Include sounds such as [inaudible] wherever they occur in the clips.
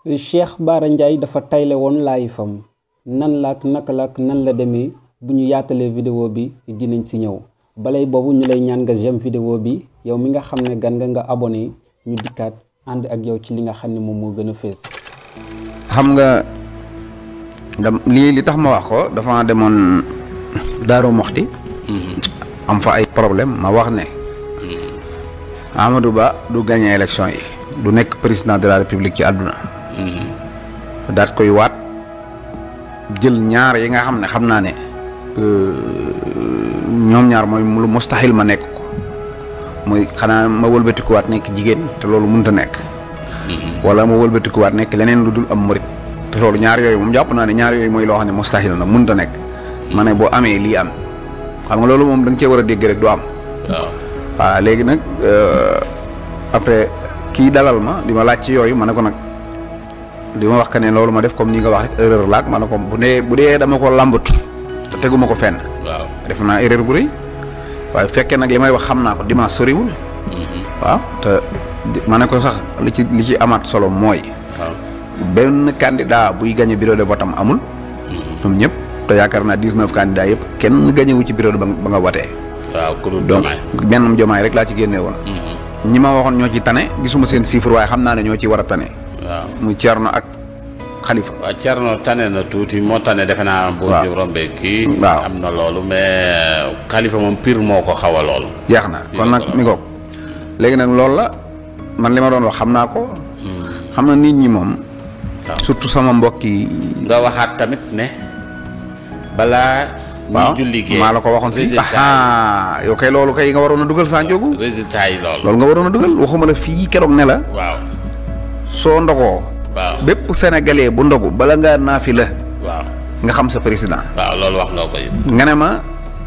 Cheikh Bara Ndiaye dafa tayle woon laay am nan la ak naka la ak nan la demee bu ñu yaatalee vidéo bi dinañ si ñëw balay boobu ñu lay ñaan nga j'aime vidéo bi yow mi nga xam ne gan nga nga abonné ñu dikkaat ànd ak yow ci li nga xam ne moom moo gën a fees. xam nga lii li tax ma wax ko dafa demoon Daaru waxti mm-hmm. am fa ay problème ma wax ne. Mm-hmm. Amadou Ba du gagné élection yi. du nekk président de la république ci àdduna. daat koy waat jël ñaar yi nga xam ne xam naa ne euh, ñoom ñaar mooy lu mustaxil ma nekk ko mooy xanaa ma wëlbatikuwaat nekk jigéen te loolu mënta nekk mm-hmm. wala ma wëlbatikuwaat nekk leneen lu dul am murit te loolu ñaar yooyu moom jàpp naa ne ñaar yooyu mooy loo xam ne mustaxil na mënta nekk ma boo amee lii am xam nga loolu moom da nga cee war a dégg rek du am waaw léegi nag euh, après kii dalal ma di ma laaj ci yooyu ma ne ko nag li ma wax que ne loolu ma def comme ni nga wax rek erreur laag ma ne ko bu nee bu dee dama ko làmbatu te teguma ko fenn. waaw def naa erreur bu rëy waaye bu fekkee nag li may wax xam naa ko dimanche soriwul. Mhm. waaw ne ko sax li ci li ci amaat solo mooy. benn candidat buy gagné bureau de vote am amul. Mhm. ñoom ñëpp te yaakaar naa dix neuf candidats yëpp kenn gagné wu ci bureau de ba nga watee waaw kuréel jomaay donc benn rek laa ci génne woon. Mhm. ñi ma waxoon ñoo ci tane gisuma seen chiffre waaye xam naa ne ñoo ci war a tane. waaw mu Cerno ak Xalifa. waaw Cerno tane na tuuti moo tane defe naa. boo jëm rombee kii. waaw am na loolu mais Xalifa moom piir moo ko xaw a lool. jeex na kon nag mi ko léegi nag loolu la man li ma doon wax xam naa ko. Hmm. xam na nit ñi moom. surtout sama mbokk yi. nga waxaat tamit ne balaa. waaw maa la ko waxoon si ah yow kay loolu kay nga waroon a dugal saa njóogu résultat yi loolu. loolu nga waroon a dugal waxuma la fii keroog ne soo ndogoo. waaw bépp sénégalais bu ndogu bala ngaa naafi la. waaw nga xam sa président. waaw loolu wax nga koy. nga ne ma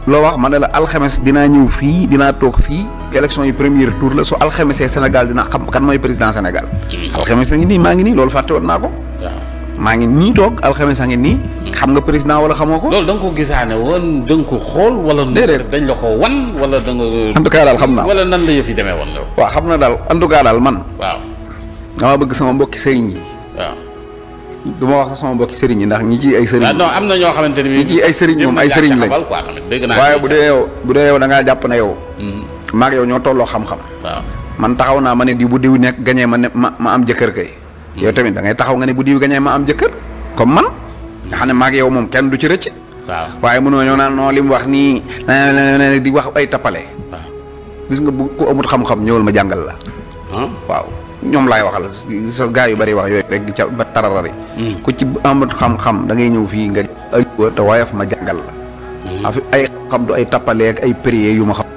loo wax ma ne la alxames dinaa ñëw fii dinaa toog fii élection yi premier tour la su alxamesee Sénégal dina xam kan mooy président Sénégal. Hmm. alxames a nii maa ngi nii loolu fàtte woon naa ko. maa ngi nii toog alxames a ngi nii. Hmm. xam nga président wala xamoo ko. loolu da ko gisaane woon da nga ko xool wala. déedéet dañ la ko wan wala da nga. en tout xam naa wala nan la yëf demee woon. waaw xam na daal en tout man. waaw. dama bëgg sama mbokki sëriñ yi. waaw. du ma wax sama mbokki sëriñ yi ndax ñi ci ay sëriñ. non am na ñoo xamante ni ñi ci ay sëriñ moom ay sëriñ lañ. waaye bu dee yow bu dee yow da ngaa jàpp na yow. Mm-hmm. maag yow ñoo tolloo xam-xam. man taxaw naa ma ne di bu diw nekk gañee ma ne ma ma am jëkkër kay. Mm-hmm. yow tamit dangay taxaw nga ne bu diw gañee ma am jëkkër comme man nga xam ne maag yow moom kenn du ci rëcc. waaye mënoo ñoo naan non li mu wax nii di wax ay tappale. gis nga bu ko amut xam-xam ñëwal ma jàngal la waaw ñoom laay waxal sa gaa yu bari wax yooyu rek di ca ba tararari hmm. ku ci amat xam-xam da ngay ñëw fii nga aliwa te waayaf ma jàngal la hmm. af ay xam yu ma xam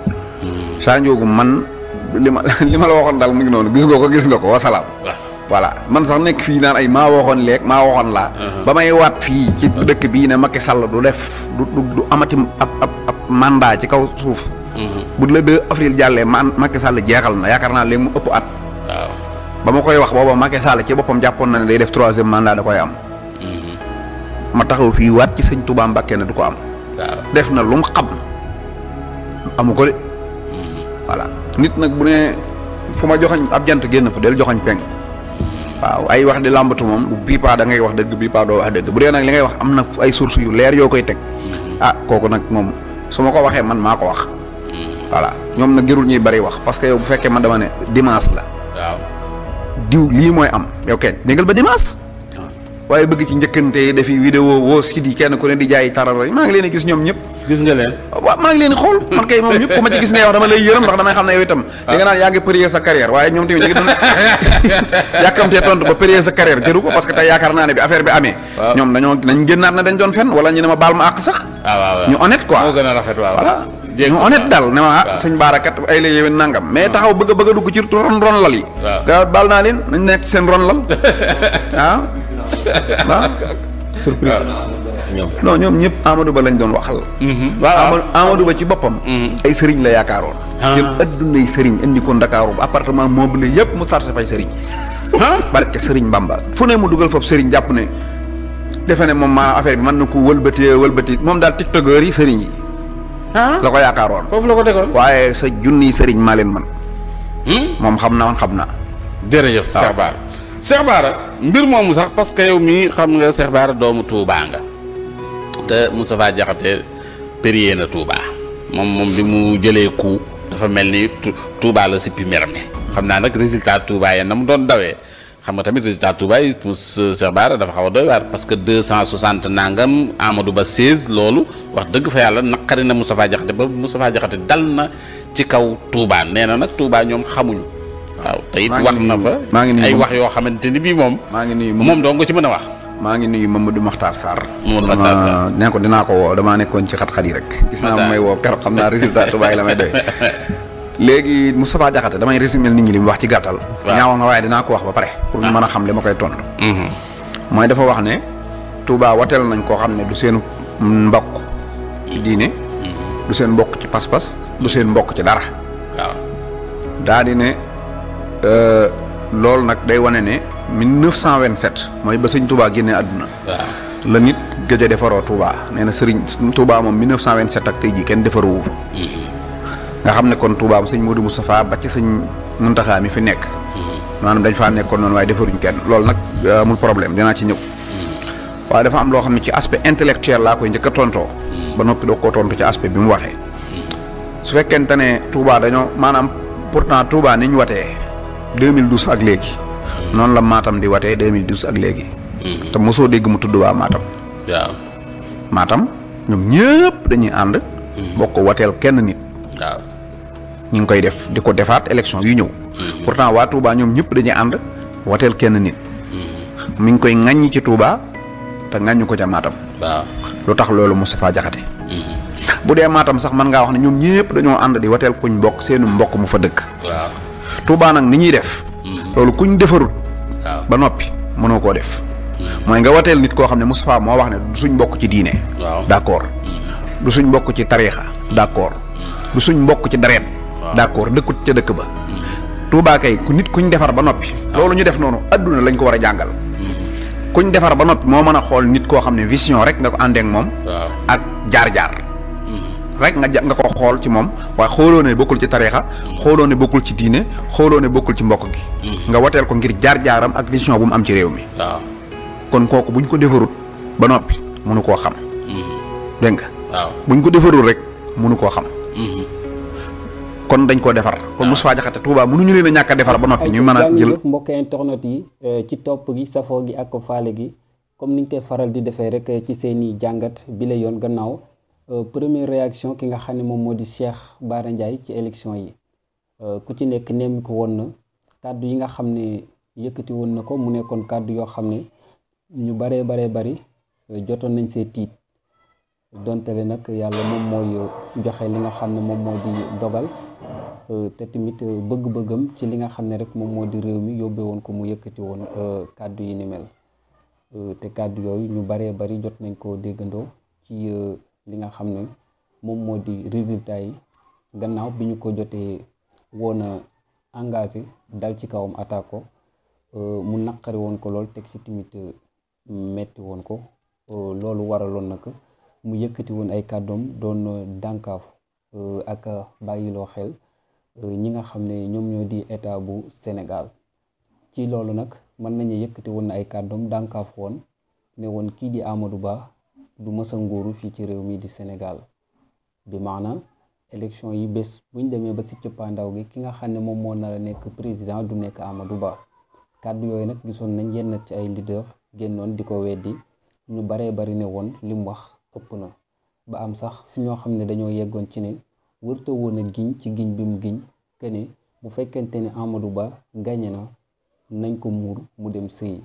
hmm. saa man li ma [laughs] li ma la waxoon daal mu noonu gis ko gis nga ko wasalaam voilà man sax nekk fii naan ay maa waxoon leeg maa waxoon laa uh-huh. ba may waat fii ci uh-huh. dëkk bii ne Macky Sall du def du du amati ab ab ab mandat ci kaw suuf bu la 2 avril jàllee man Macky Sall jeexal na yaakaar naa léegi mu ëpp at ba ma koy wax booba Macky Sall ci boppam jàppoon na ne day def troisième mandat da koy am. Mm-hmm. ma taxaw fii waat ci sëñ Touba Mbacké ne du ko am. def na lu mu xam amu ko de. Mm-hmm. voilà nit nag bu ne fu ma joxañ ab jant génn fa del joxañ peng. Mm-hmm. waaw ay wax di làmbatu moom bii paa dangay wax dëgg bii doo wax dëgg bu dee nag li ngay wax am na ay sources yu leer yoo koy teg. ah kooku nag moom su ma ko waxee man maa ko wax. voilà ñoom nag gërul ñuy bari wax parce que bu fekkee man dama ne dimanche la. diw lii mooy am yow kenn déggal ba dimanche ah. waaye bëgg ci njëkkante defi vidéo woo site yi kenn ku ne di jaay taral rek maa ngi leen di gis ñoom ñëpp gis nga leen waaw maa ngi leen di xool man kay moom ñëpp gis ngay wax dama lay yërëm ndax damay xam ne yow itam ah. da nga naan yaa ngi prier sa carrière waaye ñoom tamit ñu ngi doon [laughs] yàkkamtee tontu ba prier sa carrière jëru ko parce que tey yaakaar naa ne bi affaire bi amee ñoom dañoo nañ génnaat na dañ doon fen wala ñu ne ma baal ma àq sax ah, ñu honnête quoi moo gën a rafet waaw jéeg honnête daal ne ma ah baarakat ay la yéwén nangam mais taxaw bëgg bëgg dugg ci ron ron lal yi gaa baal naa leen nañ nekk seen ron lal [laughs] ah waaw surprise non ñoom ñëpp Amadou Ba lañ doon waxal mm-hmm. waaw Ba ci boppam mm-hmm. ay sëriñ la yaakaaroon ah. jël addunay sëriñ indi ko Ndakaaru appartement meublé yëpp mu sarse fay sëriñ ah. barke sëriñ Bamba fu ne mu dugal foofu sëriñ jàpp ne defe ne moom maa affaire bi mën na ko wëlbatee wëlbati moom daal tiktokeur yi sëriñ yi Ah? la ko yaakaaroon foofu la ko tegoon waaye sa junniy sëriñ maa leen man hmm? moom xam na xam na jërëjëf Cheikh Bara Cheikh Bara mbir moomu sax parce que yow mii xam nga Cheikh Bara doomu Touba nga te Moustapha Diakhaté prier na Touba moom moom bi mu jëlee coup dafa mel ni Touba la si pi meram xam naa nag résultat Touba yeen na mu doon dawee xam nga tamit résultat Touba yi Cheikh Bara dafa xaw a doy waar parce que 260 nangam Amadou Ba 16 loolu wax dëgg fa yàlla naqari na Moustapha Diakhaté ba Moustapha Diakhaté dal na ci kaw Touba nee na nag tuubaa ñoom xamuñu. waaw te it wax na fa. maa ngi ay wax yoo xamante ni bii moom. maa ngi nuyu moom doo nga ci mën a wax. maa ngi nuyu Mamadou Makhtar Sarr. Mamadou Makhtar Sarr nee ko dinaa ko woo damaa nekkoon ci xat-xat yi rek. gis naa may woo keroog xam naa résultat Touba la may [laughs] léegi Moustapha Diakhaté damay résumé nit ñi li mu wax ci gàttal. ñaawoon na waaye dinaa ko wax ba pare. pour ñu ah. mën a xam li ma koy tontu. Mhm. mooy dafa wax ne Touba wateel nañ koo xam ne du seen mbokk ci diine. Mhm. du seen mbokk ci pas-pas. du seen mbokk ci dara. waaw daa di ne euh, loolu nag day wane ne 1927 mooy ba sëñ Touba génne àdduna. la nit gëj a defaroo Touba nee na sëriñ Touba moom 1927 ak tey jii kenn defaroo wu. Mhm. nga xam ne kon Touba bu sëñ Modou Moustapha ba ci sëñ Muntaxa mi fi nekk mm-hmm. maanaam dañ faa nekkoon noonu waaye defaruñ kenn loolu nag euh, amul problème dinaa ci ñëw mm-hmm. waaye dafa am loo xam ne ci aspect intellectuel laa koy njëkk a tontoo mm-hmm. ba noppi doo ko tontu ci aspect bi mu waxee su fekkente ne Touba dañoo maanaam pourtant Touba ni ñu watee 2012 ak léegi noonu la Matam di watee 2012 ak léegi te mosoo dégg mu tudd waa Matam waaw ñoom ñëpp dañuy ànd bokk ko wateel kenn nit waaw ñu ngi koy def di ko defaat élection yu ñëw. Mhm. pourtant waa Touba ñoom ñëpp dañuy ànd wateel kenn nit. Mhm. mi ngi koy ŋaññi ci Touba te ŋaññu ko ca Matam. lu tax loolu Moustapha Diakhaté. Mhm. bu dee maatam sax man ngaa wax ne ñoom ñëpp dañoo ànd di wateel kuñ mbokk seenu mbokk mu fa dëkk. waaw Touba nag ni ñuy def. loolu kuñ defarut. ba noppi mënoo koo def. mooy nga wateel nit koo xam ne Moustapha moo wax ne du suñ mbokk ci diine. waaw accord du suñ mbokk ci tariixa. d' accord du suñ ci dareet. d' accord dëkkut ca dëkk ba hmm. Touba kay ku nit kuñ defar ba noppi ah. loolu ñu def noonu àdduna lañ ko war a jàngal hmm. kuñ defar ba noppi moo mën a xool nit koo xam ne vision rek nga ko àndeek moom ak jaar-jaar hmm. rek nga nga ko xool ci moom waaye xooloo ne bokkul ci tariixa xooloo ne bokkul ci diine xooloo bokkul ci mbokk gi nga woteel ko ngir jaar-jaaram ak vision bu mu am ci réew mi kon kooku buñ ko defarut ba noppi mënu koo xam dégg nga buñ ko defarul rek mënu koo xam kon dañ koo defar kon ah. Moustapha Diakhaté Touba mënuñu leen a ñàkk a defar ba noppi ñu mën a jël mbokk internet yi eh, ci topp gi safoo gi ak faale gi comme niñ koy faral di defee rek eh, ci seeni jàngat bi la yoon gannaaw eh, première réaction ki nga xam ne moom moo di Cheikh Bara Ndiaye ci élection yi ku ci nekk neem ko woon na kàddu yi nga xam ne yëkkati woon na ko mu nekkoon kàddu yoo xam ne ñu baree baree bari jotoon nañ see tiit dontale nag yàlla moom mooy joxe li nga xam ne moom moo dogal Euh, te tamit euh, bëgg-bëggam ci li nga xam ne rek moom moo di réew mi yóbbe woon ko mu yëkkati woon euh, kàddu yi ni mel te kàddu yooyu ñu baree bari jot nañ ko déggandoo ci li nga xam ne moom moo di résultat yi gannaaw bi ñu ko jotee woon a engagé dal ci kawam attaque ko mu naqari woon ko loolu teg si tamit metti woon ko loolu waraloon nag mu yëkkati woon ay kàddoom doon dànkaafu ak bàyyiloo xel Euh, ñi nga xam ne ñoom ñoo di état bu Sénégal ci loolu nag mën nañu yëkkati woon na ay kàddoom dànkaaf woon ne woon kii di Amadou Ba du mësa nguuru fii ci réew mii di Sénégal bi maana élection yi bés buñ ñu demee ba si cëppaandaw gi ki nga xam ne moom moo nar nekk président du nekk Amadou Ba kàddu yooyu nag gisoon nañ yenn ci ay leader génnoon di ko weddi ñu baree bari ne woon li mu wax ëpp na ba am sax si ñoo xam ne dañoo yeggoon ci ne wërta woon a giñ ci giñ bi mu giñ que ne bu fekkente ne Amadou Ba gañe na nañ ko muur mu dem sëyi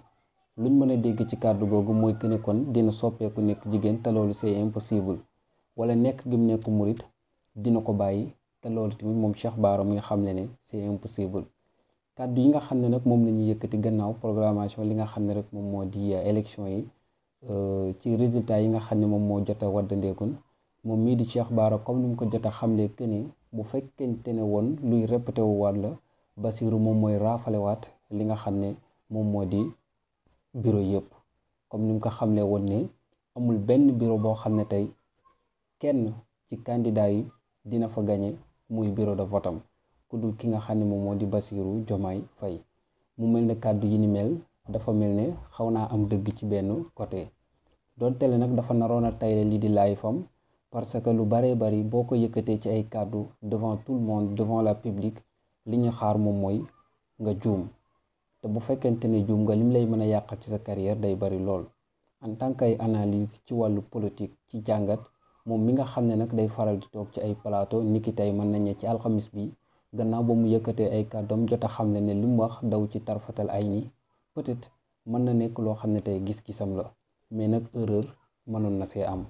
luñ mën a dégg ci kàddu googu mooy que ne kon dina soppeeku nekk jigéen te loolu c'est impossible wala nekk gi mu nekk murit dina ko bàyyi te loolu tamit moom Cheikh Bara mi nga xam ne ne c'est impossible kàddu yi nga xam ne nag moom la ñuy yëkkati gannaaw programmation li nga xam ne rek moom moo di euh, élection yi euh, ci résultat yi nga xam ne moom moo jot a waddandeekun moom mii di Cheikh Bara comme ni mu ko jot a xamle que ni bu fekkente ne woon luy répété wu waat la Bassirou moom mooy raafalewaat li nga xam ne moom moo di bureau yëpp comme ni mu ko xamle woon ne amul benn bureau boo xam ne tey kenn ci candidat yi dina fa gañe muy bureau de votam ku dul ki nga xam ne moom moo di Bassirou Diomaye Faye mu mel ne kàddu yi ni mel dafa mel ne xaw naa am dëgg ci benn côté donte le nag dafa naroon a tayle lii di laay fam parce que lu baree bari boo ko yëkkatee ci ay kàddu devant tout le monde devant la public li ñu xaar moom mooy nga juum te bu fekkente ne juum nga lim lay mën a yàqal ci sa carrière day bari lool. en tant que ay analyse ci wàllu politique ci jàngat moom mi nga xam ne nag day faral di toog ci ay plateau niki tey mën nañu ci alxamis bi gannaaw ba mu yëkkatee ay kàddoom jot a xam ne ne lim wax daw ci tarfatal ay ni peut-être mën na nekk loo xam ne tey gis-gisam la mais nag erreur mënoon na see am.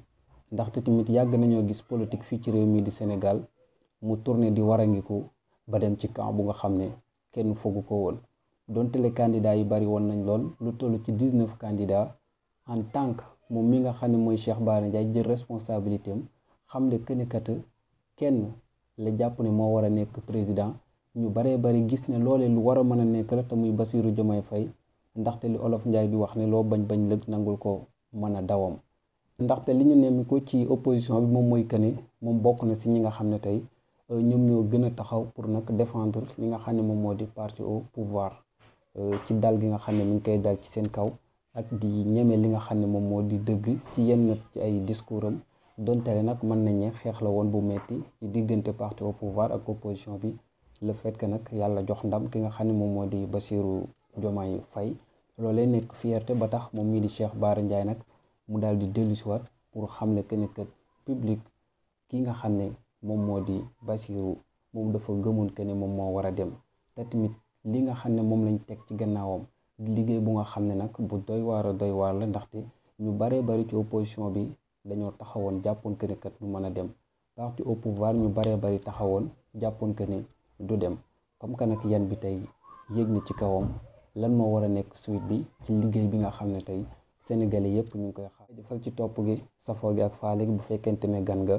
ndaxte tamit yàgg nañoo gis politique fii ci réew mii di Sénégal mu tourné di warangiku ba dem ci camp bu nga xam ne kenn foogu ko woon donte le candidat yi bari woon nañ lool lu toll ci 19 candidats en tant que moom mi nga xam ne mooy Cheikh Bara Ndiaye jël responsabilité am xam ne que ne kenn la jàpp ne moo war a nekk président ñu baree bari gis ne loolee lu war a mën a nekk la te muy Bassirou Diomaye Faye ndaxte li Olof Ndiaye di wax ne loo bañ bañ lëg nangul ko mën a dawam. ndaxte li ñu nemmi ko ci opposition bi moom mooy que ne moom bokk na si ñi nga xam ne tey euh, ñoom ñoo gën a taxaw pour nag défendre li nga xam ne moom moo di parti au pouvoir euh, ci dal gi nga xam ne mi ngi koy dal ci seen kaw ak di ñeme li nga xam ne moom moo di dëgg ci yenn ci ay discours am donte nag mën nañu xeex la woon bu metti ci diggante parti au pouvoir ak opposition bi la fait nag yàlla jox ndam ki nga xam ne moom moo di Bassirou fay loolu loolee nekk fierté ba tax moom mii di Cheikh Bara Ndiaye nag. mu daal di dellusiwaat pour xam ne que ne que public ki nga xam ne moom moo di Bassirou moom dafa gëmoon que ne moom moo war a dem te tamit li nga xam ne moom lañ teg ci gannaawam liggéey bu nga xam ne nag bu doy waar a doy waar la ndaxte ñu baree bari ci opposition bi dañoo taxawoon jàppoon que ne du mën a dem parti au pouvoir ñu baree bari taxawoon jàppoon que ne du dem comme que nag yan bi tey yëg na ci kawam lan moo war a nekk suite bi ci liggéey bi nga xam ne tey. Sénégalais yëpp ñu ngi koy xaar defal ci topp gi safoo gi ak faale bu fekkente ne gan nga